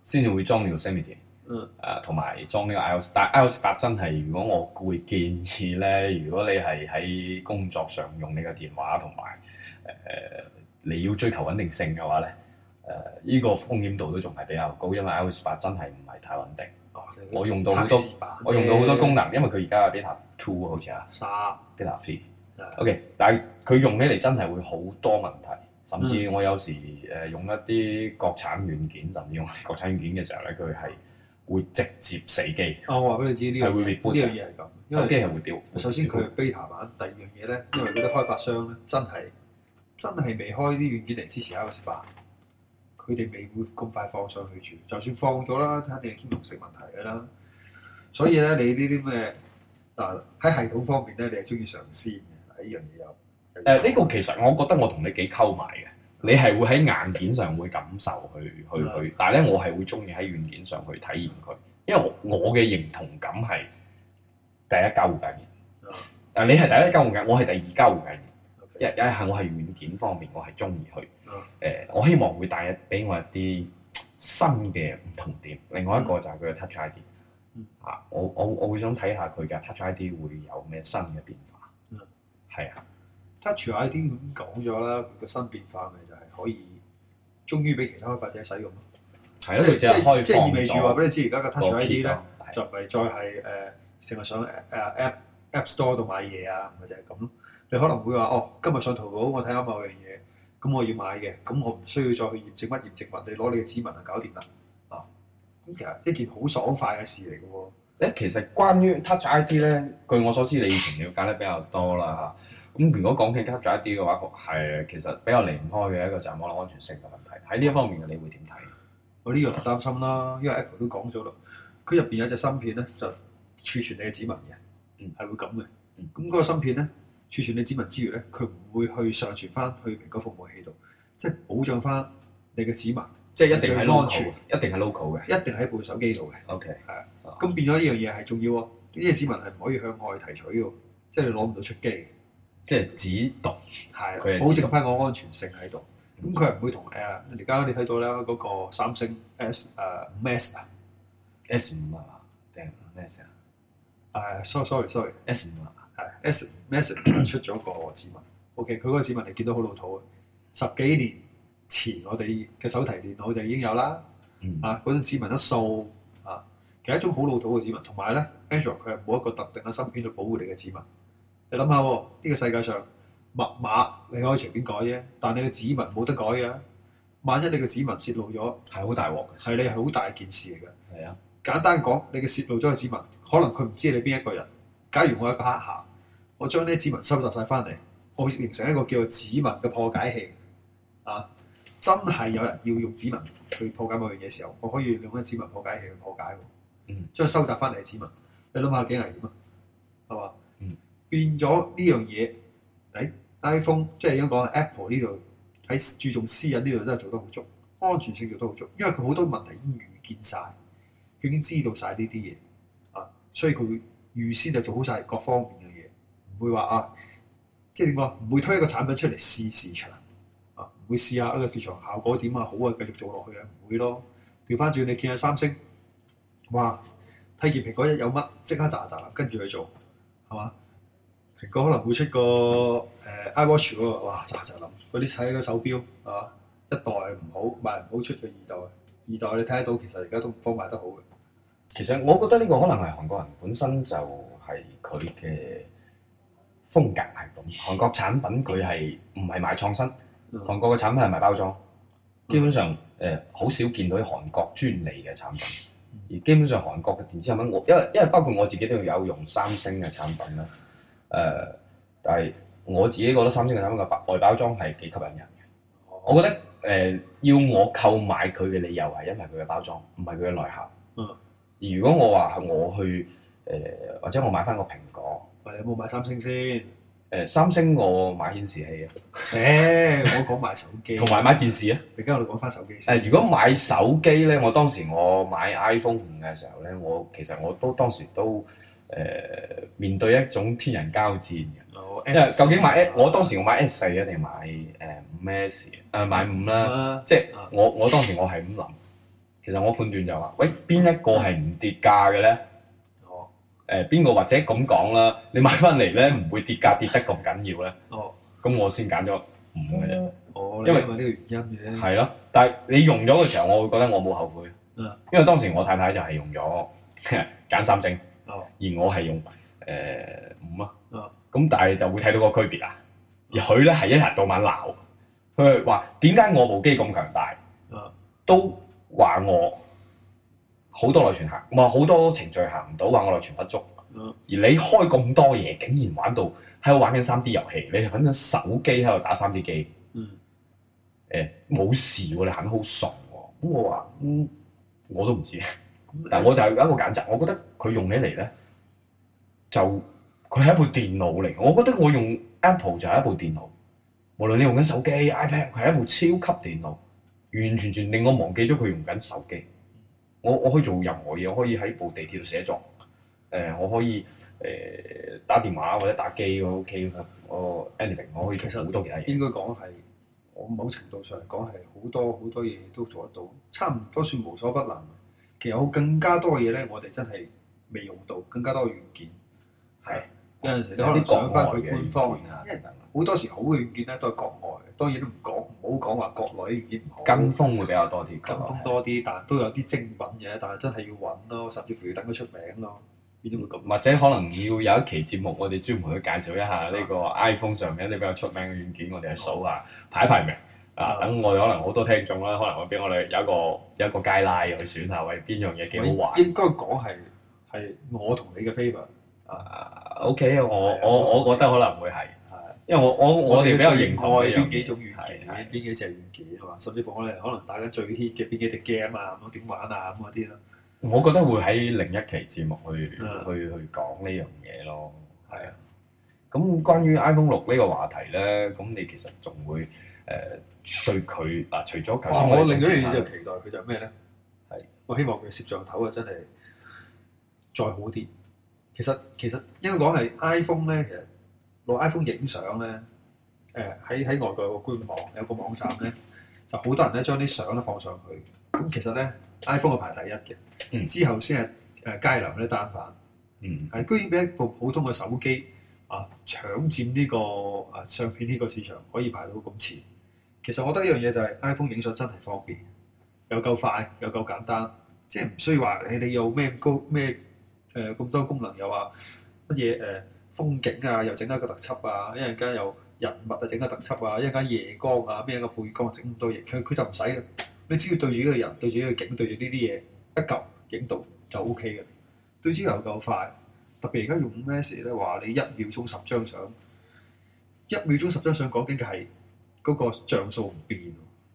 先至會裝呢個 Yosemite 嗯，啊，同埋裝呢個 iOS，但係 iOS 八真係，如果我會建議咧，如果你係喺工作上用你個電話，同埋誒你要追求穩定性嘅話咧，誒、呃、呢、呢個風險度都仲係比較高，因為 iOS 八真係唔係太穩定。啊、我用到好多，我用到好多功能，Yeah. 因為佢而家 beta two 好似啊，三 beta three，OK，但係佢用起嚟真係會好多問題。甚至我有時誒用一啲國產軟件，甚至用啲國產軟件嘅時候咧，佢係會直接死機。啊，我話俾你知呢個呢樣嘢係咁，因為機係會掉。首先佢係 beta 版，第二樣嘢咧，因為嗰啲開發商咧真係真係未開啲軟件嚟支持一個升版，佢哋未會咁快放上去住。就算放咗啦，睇下定係兼容性問題嘅啦。所以咧，你呢啲咩？但喺系統方面咧，你係中意嘗試嘅，呢樣嘢又。誒呢、呃呢個其實我覺得我同你幾溝埋嘅，你係會喺硬件上會感受佢佢佢，但係咧我係會鍾意喺軟件上去體驗佢，因為我嘅認同感係第一交互界面，啊、嗯呃、你係第一交互界面，我係第二交互界面，Okay. 一一下我係軟件方面我係鍾意去，誒、呃、我希望會帶俾我一啲新嘅唔同點，另外一個就係佢嘅 Touch ID，啊我我我會想睇下佢嘅 Touch ID 會有咩新嘅變化，係、嗯、啊。Touch ID 已經咁講咗啦，個新變化咪就係可以，終於俾其他開發者使用咯。係咯的，即係即係是意味住話俾你知，而家嘅 Touch ID 咧、呃啊啊啊啊，就唔係再係誒成日上誒 App App Store 度買嘢啊，咪就係咁。你可能會話哦，今日上淘寶，我睇下某樣嘢，咁我要買嘅，咁我唔需要再去驗證乜驗證物，你攞你嘅指紋就搞掂啦。啊，咁其實一件好爽快嘅事嚟嘅喎。其實關於 Touch ID 咧，據我所知， 你以前了解得比較多啦嚇。 咁如果講起 c u 咗一啲嘅話，係其實比較離唔開嘅一個就係網絡安全性嘅問題。喺呢一方面嘅，你會點睇？我呢樣擔心啦，因為 Apple 都講咗咯，佢入邊有隻芯片咧，就儲存你嘅指紋嘅，嗯，係會咁嘅。咁嗰、嗯、個芯片咧，儲存你指紋之餘咧，佢唔會去上傳翻去蘋果服務器度，即係保障翻你嘅指紋，即係一定係安全，一定係 local 嘅，一定喺部手機度嘅。OK，係、uh, 啊的，咁變咗呢樣嘢係重要啊。呢隻指紋係唔可以向外提取嘅，即係你攞唔到出機。即係指紋，係佢保證翻個安全性喺度。咁佢唔會同誒，而、呃、家你睇到啦，嗰個三星 S 誒五 S 啊，S 五啊定五 S 啊？誒、啊啊啊、Sorry Sorry Sorry，S 五啊，係 S 五 S, S 出咗個指紋。 OK，佢嗰個指紋你見到好老土啊。十幾年前我哋嘅手提電腦就已經有啦。嗯、啊，嗰種指紋一掃啊，其實一種好老土嘅指紋。同埋咧，Android 佢係冇一個特定嘅芯片去保護你嘅指紋。你諗下，呢個世界上密碼你可以隨便改啫，但你嘅指紋冇得改嘅。萬一你嘅指紋泄露咗，係好大鑊嘅，係你係好大件事嚟嘅。係啊，簡單講，你嘅泄露咗嘅指紋，可能佢唔知你邊一個人。假如我一個黑客，我將呢啲指紋收集晒翻嚟，我會形成一個叫做指紋嘅破解器。啊，真係有人要用指紋去破解某樣嘢嘅時候，我可以用呢啲指紋破解器去破解。嗯，將佢收集翻嚟嘅指紋，你諗下幾危險啊？係嘛？變咗呢樣嘢喺 iPhone，即係應該講 Apple 呢度喺注重私隱呢度真係做得好足，安全性做得好足，因為佢好多問題已經預見晒，佢已經知道晒呢啲嘢啊，所以佢會預先就做好晒各方面嘅嘢，唔會話啊，即係點講？唔會推一個產品出嚟試市場啊，唔會試下一個市場效果點啊，好啊，繼續做落去啊，唔會咯。調翻轉你見下三星話睇見蘋果有乜即刻咋咋跟住去做，係嘛？蘋果可能會出個誒 iWatch 喎，哇！就係就諗嗰啲睇個手錶啊，一代唔好，賣唔好出嘅二代，二代你睇得到，其實而家都方賣得好嘅。其實我覺得呢個可能係韓國人本身就係佢嘅風格係咁，韓國產品佢係唔係賣創新，韓國嘅產品係賣包裝，嗯、基本上誒好、嗯呃、少見到韓國專利嘅產品，嗯、而基本上韓國嘅電子產品，我因為因為包括我自己都有用三星嘅產品啦。誒、呃，但係我自己覺得三星嘅產品外包裝係幾吸引人嘅。我覺得誒、呃，要我購買佢嘅理由係因為佢嘅包裝，唔係佢嘅內涵。嗯。如果我話我去誒、呃，或者我買翻個蘋果，餵、嗯、你有冇買三星先？誒、呃，三星我買顯示器啊。誒、欸，我講買手機。同埋 買電視啊？你跟我哋講翻手機先。誒、呃，如果買手機咧，我當時我買 iPhone 五嘅時候咧，我其實我都當時都。誒、呃、面對一種天人交戰嘅，究竟買，買 S，, 買、呃、S, 買我當時我買 S 四啊，定買誒五 S 啊，誒買五啦，即係我我當時我係咁諗，其實我判斷就話、是，喂邊一個係唔跌價嘅咧？哦、呃，誒邊個或者咁講啦？你買翻嚟咧唔會跌價跌得咁緊要咧？哦，咁、嗯、我先揀咗五嘅，哦，因為呢個原因嘅，係咯，但係你用咗嘅時候，我會覺得我冇後悔，因為當時我太太就係用咗揀 三星。而我係用誒五、呃嗯、啊，咁但係就會睇到個區別啊。而佢咧係一日到晚鬧，佢話點解我部機咁強大，都話我好多內存行，話好多程序行唔到，話我內存不足。嗯、而你開咁多嘢，竟然玩到喺度玩緊三 D 遊戲，你係玩緊手機喺度打三 D 機。誒、嗯，冇、欸、事喎，你肯好熟喎。咁我話，嗯，我都唔知。但我就係有一個簡習，我覺得佢用起嚟咧，就佢係一部電腦嚟。我覺得我用 Apple 就係一部電腦，無論你用緊手機 iPad，佢係一部超級電腦，完全全令我忘記咗佢用緊手機。我我可以做任何嘢，我可以喺部地鐵度寫作。誒、呃，我可以誒、呃、打電話或者打機 OK、嗯。我 anything 我可以做好多其他嘢。應該講係我某程度上嚟講係好多好多嘢都做得到，差唔多算無所不能。其實有更加多嘅嘢咧，我哋真係未用到更加多嘅軟件，係有陣時你可以上翻佢官方啊，好多時好嘅軟件咧都係國外，當然都唔講唔好講話國內啲軟件。跟風會比較多啲，跟風多啲的，但係都有啲精品嘅，但係真係要揾咯，甚至乎要等佢出名咯，或者可能要有一期節目， 我哋專門去介紹一下呢個 iPhone 上面一啲比較出名嘅軟件，我哋係數下好排一排名。啊！等我可能好多聽眾啦，可能會我俾我哋有一個有一個 guideline 去選下，喂，邊樣嘢幾好玩？應該講係係我同你嘅 favor 啊？OK，我我我，我，我覺得可能會係，因為我我我哋比較認同邊幾種軟件，邊幾隻軟件係嘛？甚至乎我哋可能大家最 hit 嘅邊幾隻 game 啊，咁點玩啊咁嗰啲咯。我覺得會喺另一期節目去、uh, 去去講呢樣嘢咯。係啊的，咁關於 iPhone 六呢個話題咧，咁你其實仲會誒？呃呃呃呃對佢嗱，除咗啊、哦，我另一樣嘢就期待佢就係咩咧？係我希望佢攝像頭啊，真係再好啲。其實其實應該講係 iPhone 咧，其實攞 iPhone 影相咧，誒喺喺外國有個官網有個網站咧，就好多人咧將啲相咧放上去。咁其實咧 iPhone 係排第一嘅，嗯、之後先係誒佳能嗰啲單反，嗯係，居然俾一部普通嘅手機、呃這個、啊搶佔呢個誒相片呢個市場，可以排到咁前。其實我覺得一樣嘢就係 iPhone 影相真係方便，又夠快又夠簡單，即係唔需要話誒你有咩高咩誒咁多功能，又話乜嘢誒風景啊，又整多個特輯啊，一陣間、啊、又有人物啊整多特輯啊，一陣間夜光啊咩個背光整咁多嘢，佢佢就唔使嘅，你只要對住呢個人，對住呢個景，對住呢啲嘢一嚿影到就 O K 嘅，最主要又夠快，特別而家用 5S 咧，話你一秒鐘十張相，一秒鐘十張相講緊嘅係。嗰個像素唔變，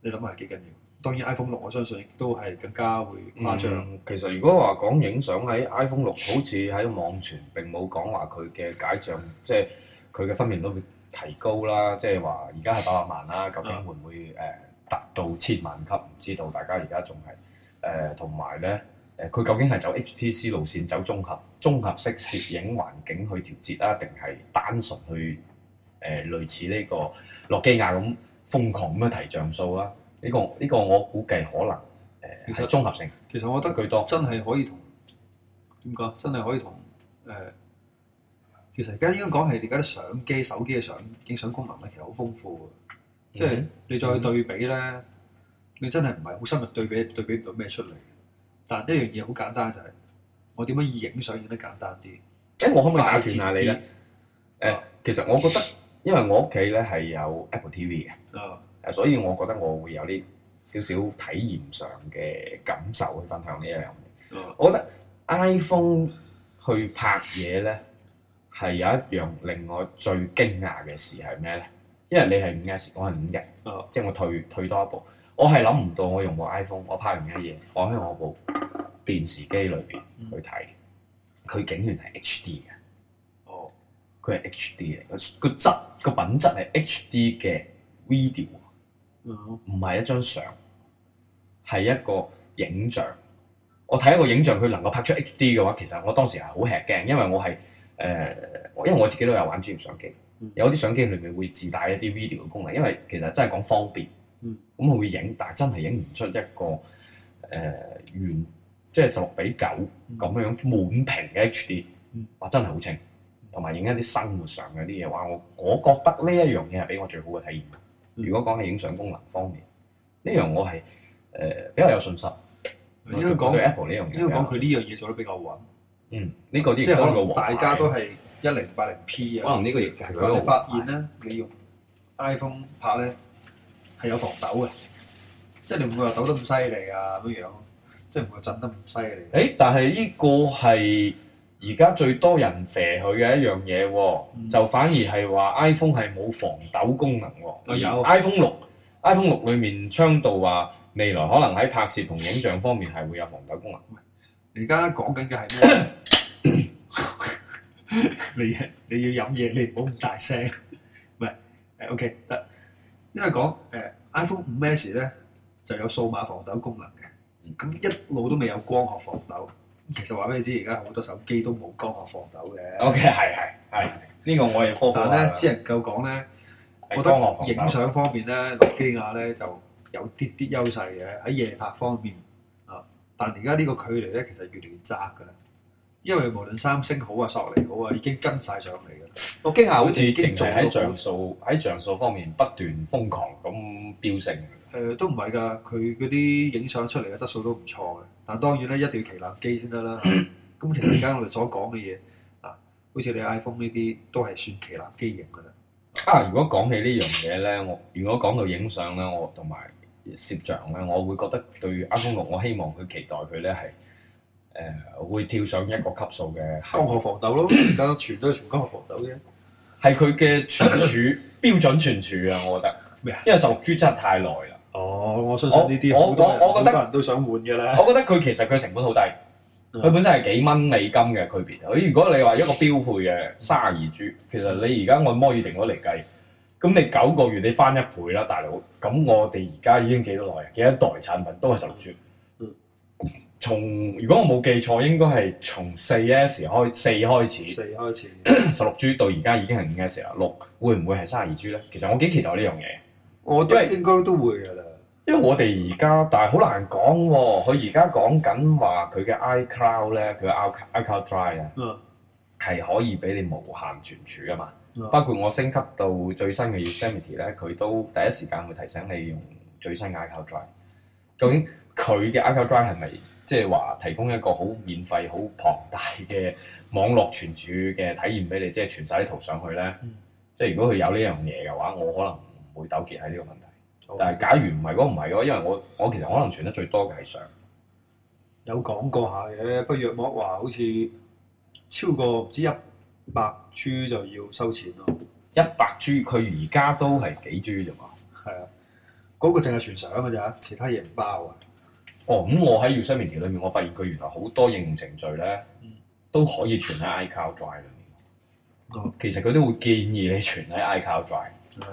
你諗下幾緊要？當然 iPhone 六我相信亦都係更加會誇張、嗯。其實如果話講影相喺 iPhone 六，好似喺網傳並冇講話佢嘅解像，嗯、即係佢嘅分辨率會提高啦。即係話而家係八百萬啦，究竟會唔會誒、呃、達到千萬級？唔知道大家而家仲係誒同埋咧誒，佢、呃、究竟係走 HTC 路線，走綜合綜合式攝影環境去調節啊，定係單純去誒、呃、類似呢、呢個？諾基亞咁瘋狂咁樣提像素啦，呢個呢個我估計可能其實綜合性。其實我覺得巨多真係可以同點講，真係可以同誒、呃。其實而家應該講係而家啲相機、手機嘅相影相功能咧，其實好豐富嘅。即係你再去對比咧，嗯、你真係唔係好深入對比，對比唔到咩出嚟。但一樣嘢好簡單就係、是，我點樣影相影得簡單啲？誒、欸，我可唔可以打斷下你咧？誒、啊，啊、其實我覺得。因為我屋企咧係有 Apple TV 嘅，uh。所以我覺得我會有啲少少體驗上嘅感受去分享呢一樣嘢。Uh。我覺得 iPhone 去拍嘢咧，係有一樣令我最驚訝嘅事係咩呢？因為你係五 S，我係五日，uh。即係我退退多一步，我係諗唔到我用部 iPhone，我拍完嘅嘢放喺我部電視機裏邊去睇，佢、嗯、竟然係 HD 嘅。佢係 H D 嚟，個質個品質係 H D 嘅 video，唔係一張相，係一個影像。我睇一個影像，佢能夠拍出 H D 嘅話，其實我當時係好吃驚，因為我係誒、呃，因為我自己都有玩專業相機，有啲相機裏面會自帶一啲 video 嘅功能，因為其實真係講方便。嗯，咁佢會影，但係真係影唔出一個誒圓、呃，即係十六比九咁樣樣、嗯、滿屏嘅 H D，哇，真係好清。同埋影一啲生活上嘅啲嘢，哇！我我覺得呢一樣嘢係俾我最好嘅體驗。如果講係影相功能方面，呢樣我係誒、呃、比較有信心。因為講 Apple 呢樣嘢，嗯、因，為因為講佢呢樣嘢做得比較穩。嗯，呢、嗯嗯這個啲即係是可能大家都係一零八零 P 啊。嗯、可能呢個亦係佢發現啦，你用 iPhone 拍咧係有防抖嘅，即係你唔會話抖得咁犀利啊，乜樣？即係唔會震得咁犀利。誒、欸，但係呢個係。而家最多人肥佢嘅一樣嘢，就反而係話 iPhone 係冇防抖功能 6, 有。有 iPhone 六，iPhone 六裏面倡導話未來可能喺拍攝同影像方面係會有防抖功能。唔係，而家講緊嘅係咩？你要你要飲嘢，你唔好咁大聲。唔係 ，OK 得。因為講誒、uh, iPhone 五 S 咧就有數碼防抖功能嘅，咁一路都未有光學防抖。其實話俾你知，而家好多手機都冇光學防抖嘅。O K，係係係，呢個我係科學。但咧，只能夠講咧，是我覺得影相方面咧，諾基亞咧就有啲啲優勢嘅喺夜拍方面啊。但而家呢個距離咧，其實越嚟越窄噶啦。因為無論三星好啊、索尼好啊，已經跟晒上嚟啦。諾基亞好似淨係喺像素喺像素方面不斷瘋狂咁飆升。誒、呃，都唔係㗎，佢嗰啲影相出嚟嘅質素都唔錯嘅。但當然咧，一定要旗艦機先得啦。咁 其實而家我哋所講嘅嘢啊，好似你 iPhone 呢啲都係算旗艦機型㗎啦。啊，如果講起呢樣嘢咧，我如果講到影相咧，我同埋攝像咧，我會覺得對 iPhone 六，我希望佢期待佢咧係誒會跳上一個級數嘅光學防抖咯。而家 全都係全光學防抖嘅，係佢嘅存儲標準存儲啊，我覺得。咩啊？因為十六 G 真係太耐。哦，我相信呢啲好多人，多人都想換嘅啦。我覺得佢其實佢成本好低，佢本身係幾蚊美金嘅區別。如果你話一個標配嘅三十二 G，其實你而家按摩爾定律嚟計，咁你九個月你翻一倍啦，大佬。咁我哋而家已經幾多代？幾多代產品都係十六 G。嗯，如果我冇記錯，應該係從四 S 開四開始，四開始十六 G 到而家已經係五 S 啦。六會唔會係三十二 G 咧？其實我幾期待呢樣嘢，我都因為應該都會嘅。因為我哋而家，但係好難講喎、哦。佢而家講緊話佢嘅 iCloud 咧，佢嘅 iCloud Drive 咧，係 Yeah. 可以俾你無限存儲啊嘛。Yeah. 包括我升級到最新嘅 Yosemite 咧，佢都第一時間會提醒你用最新嘅 iCloud Drive。Dry, 究竟佢嘅 iCloud Drive 係咪即係話提供一個好免費、好龐大嘅網絡存儲嘅體驗俾你？即係傳晒啲圖上去咧，mm. 即係如果佢有呢樣嘢嘅話，我可能唔會糾結喺呢個問題。但係假如唔係嘅話，唔係嘅話，因為我我其實可能存得最多嘅係相。有講過下嘅，不約莫話好似超過唔知一百 G 就要收錢咯。一百 G，佢而家都係幾 G 啫嘛。係啊，嗰、嗰個淨係存相嘅咋，其他嘢唔包啊。哦，咁我喺 Yosemite 裏面，我發現佢原來好多應用程序咧，嗯、都可以存喺 iCloud Drive 裏面。哦、嗯，其實佢都會建議你存喺 iCloud Drive。就係。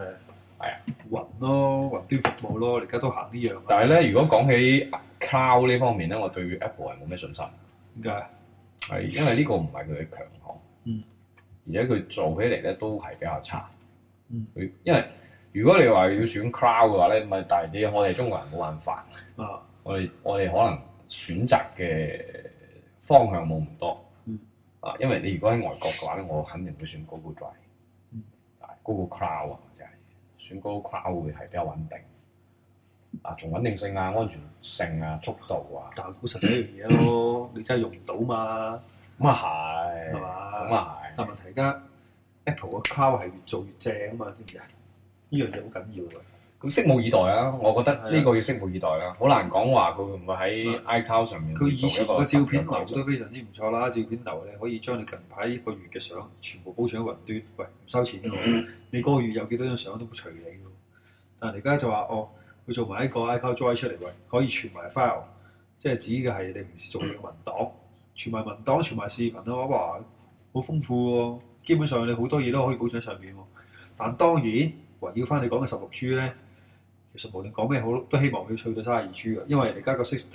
係啊，雲咯，雲端服務咯，你而家都行呢樣。但係咧，如果講起 cloud 呢方面咧，我對於 Apple 係冇咩信心。點解？係因為呢個唔係佢嘅強項。嗯。而且佢做起嚟咧都係比較差。嗯。因為如果你話要選 cloud 嘅話咧，咪但係啲我哋中國人冇辦法。啊。我哋我哋可能選擇嘅方向冇咁多。啊、嗯，因為你如果喺外國嘅話咧，我肯定會選 Google Drive，嗯。Google Cloud 啊。最高 p o w 會係比較穩定，嗱，從穩定性啊、安全性啊、速度啊，但係好實際一樣嘢咯，你真係用唔到嘛？咁啊係，係嘛吧？咁啊係，嗯嗯、但問題而家 Apple 個 Power 係越做越正啊嘛，知唔知啊？呢樣嘢好緊要嘅。咁拭目以待啦，我覺得呢個要拭目以待啦，好的難講話佢會唔會喺 iCloud 上面、嗯。佢以前個照片流都非常之唔錯啦，照片流咧可以將你近排一個月嘅相全部保存喺雲端，喂唔收錢嘅喎，你嗰個月有幾多張相都隨你嘅。但係而家就話哦，佢做埋一個 iCloud Drive 出嚟，喂可以傳埋 file，即係指嘅係你平時做嘅文檔。傳埋文檔，傳埋視頻啊，哇好豐富喎，基本上你好多嘢都可以保存喺上面。但係當然圍繞翻你講嘅十六 G 咧。其實無論講咩好，都希望佢去到三十二 G 嘅，因為而家個 Six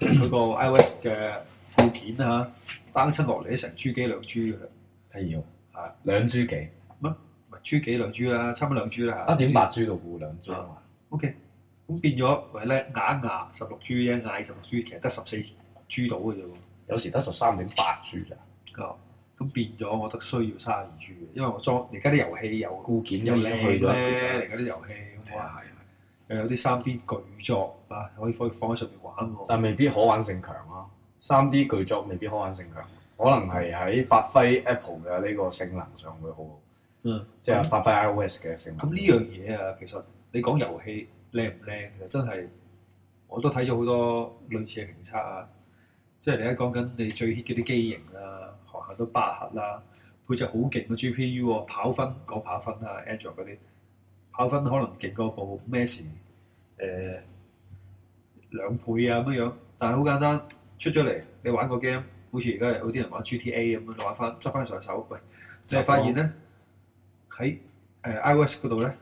佢個 iOS 嘅固件啊 down 落嚟成 G 幾兩 G 嘅啦。係要，係兩 G 幾？乜唔係 G 幾兩 G 啦？差唔多兩 G 啦。一點八 G 到兩 G 啊。O.K. 咁變咗，或者咧壓一壓十六 G 啫，壓十六 G 其實得十四 G 到嘅啫喎。有時得十三點八 G 咋。哦，咁變咗，我得需要三十二 G 嘅，因為我裝而家啲遊戲有固件有咩咧？而家啲遊戲可能係。有啲三 D 巨作啊，可以放放喺上面玩喎，但係未必可玩性強咯、啊。三 D 巨作未必可玩性強，可能係喺發揮 Apple 嘅呢個性能上會好，嗯，即係發揮 iOS 嘅性能、嗯。咁呢樣嘢啊，其實你講遊戲靚唔靚，其實真係我都睇咗好多類似嘅評測啊，即係你而家講緊你最 hit 嗰啲機型啦、啊，行下都八核啦、啊，配置好勁嘅 GPU 喎，跑分講跑分啊，Android 嗰啲。跑分可能勁過部咩事誒、呃、兩倍啊乜樣？但係好簡單出咗嚟，你玩個 game，好似而家有啲人玩 GTA 咁樣玩翻執翻上手，喂，就其實 發現咧喺誒 iOS 嗰度咧，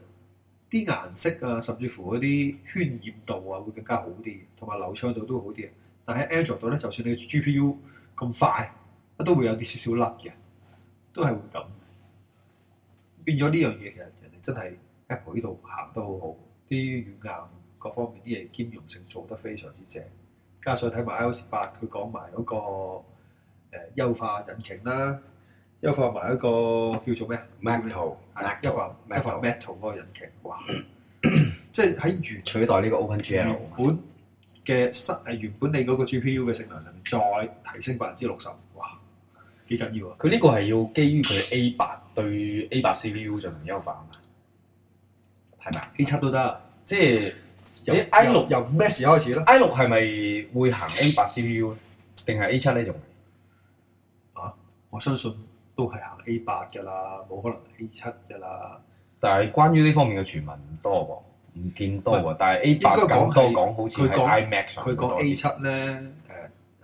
啲顏色啊，甚至乎嗰啲渲染度啊，會更加好啲，同埋流暢度都好啲。但係 Android 度咧，就算你 GPU 咁快，都會有啲少少甩嘅，都係會咁。變咗呢樣嘢，其實人哋真係～Apple 呢度行得好好，啲軟硬各方面啲嘢兼容性做得非常之正。加上睇埋 iOS 八，佢講埋嗰個誒優化引擎啦，優化埋一個叫做咩 Metal，優化 Metal 嗰個引擎，哇！ 即係喺原取代呢個 Open G L 原本嘅失誒原本你嗰個 G P U 嘅性能能再提升百分之六十，哇！幾緊要啊！佢呢 個係要基於佢 A 八對 A 八 C P U 進行優化啊嘛。A 七都得，即係 I 六由五 S, A, S, 由 由開始咧？I 六係咪會行 A 八 CPU 咧？定係 A 七呢種？啊，我相信都係行 A 八噶啦，冇可能 A 七噶啦。但係關於呢方面嘅傳聞唔多喎、啊，唔見多喎、啊。是但係 A 八更多講好似係 iMac，佢講 A 七咧，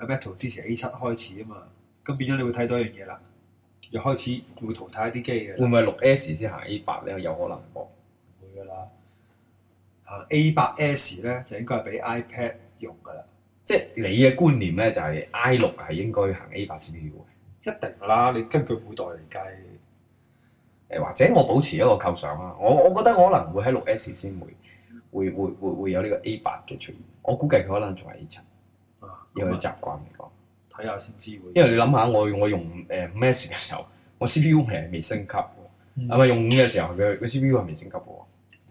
誒，Metal 支持 A 七開始啊嘛。咁變咗你會睇到一樣嘢啦，又開始會淘汰一啲機嘅。會唔會六 S 先行 A 八咧？有可能喎。A 八 S 咧就應該係俾 iPad 用噶啦，即係你嘅觀念咧就係、是、I 六係應該行 A 八 CPU，嘅。一定噶啦。你根據每代嚟計，誒、呃、或者我保持一個構想啦、啊。我我覺得可能會喺六 S 先會會會會，會有呢個 A 八嘅出現。我估計佢可能仲係依層，以佢、啊、習慣嚟講，睇下先知會。因為你諗下，我我用誒 m a s 嘅時候，我 CPU 係未升級，係咪、嗯、用五嘅時候佢佢 CPU 係未升級喎？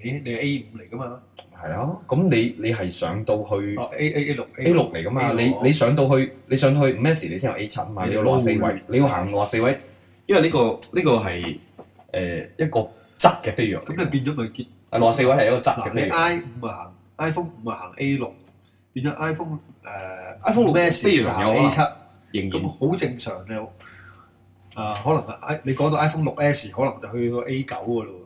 你係 A 五嚟噶嘛？係啊，咁你你係上到去 A A A 六 A 六嚟噶嘛？你你上到去你上去五 S 你先有 A 七嘛？你要六四位，你要行六四位，因為呢個呢個係誒一個質嘅飛躍。咁你變咗咪結？啊，六四位係一個質嘅飛躍。i p 五啊行，iPhone 五啊行 A 六，變咗 iPhone 誒 iPhone 六 S，飛躍有 A 七，仍然好正常嘅。啊，可能啊，你講到 iPhone 六 S，可能就去到 A 九噶咯。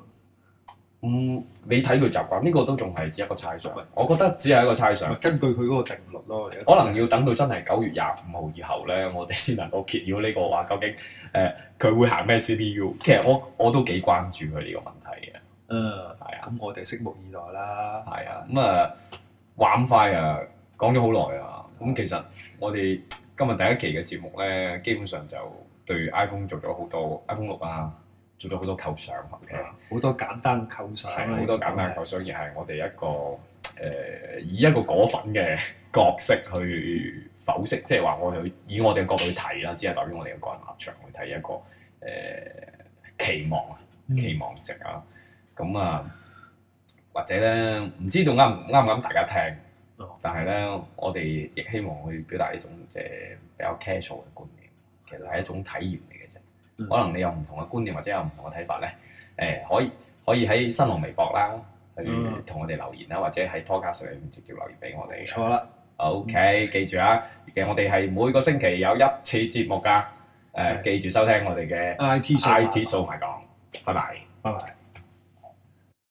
嗯，你睇佢習慣呢個都仲係一個猜想，是我覺得只係一個猜想。根據佢嗰個定律咯，律可能要等到真係九月廿五號以後咧，我哋先能夠揭曉呢個話究竟誒佢、呃、會行咩 CPU。其實我我都幾關注佢呢個問題嘅。嗯，係啊，咁我哋拭目以待啦。係啊，咁啊，玩快啊，講咗好耐啊。咁、啊、其實我哋今日第一期嘅節目咧，基本上就對做 iPhone 做咗好多 iPhone 六啊。做咗好多構想好多簡單構想，係好是是多簡單構想，而係我哋一個誒、呃、以一個果粉嘅角色去剖析，即係話我哋以我哋嘅角度去睇啦，只係代表我哋嘅個人立場去睇一個誒、呃、期望啊、嗯、期望值啊，咁啊、嗯、或者咧唔知道啱唔啱唔啱大家聽，但係咧我哋亦希望去表達一種即係比較 casual 嘅觀念，其實係一種體驗嚟。可能你有唔同嘅觀念或者有唔同嘅睇法咧，誒、呃、可以可以喺新浪微博啦，去同、嗯、我哋留言啦，或者喺 Podcast 裏面直接留言俾我哋。錯啦，OK，、嗯、記住啊，其實我哋係每個星期有一次節目噶，誒、呃、是記住收聽我哋嘅 IT Show show. IT Show 同埋講，拜拜，拜拜。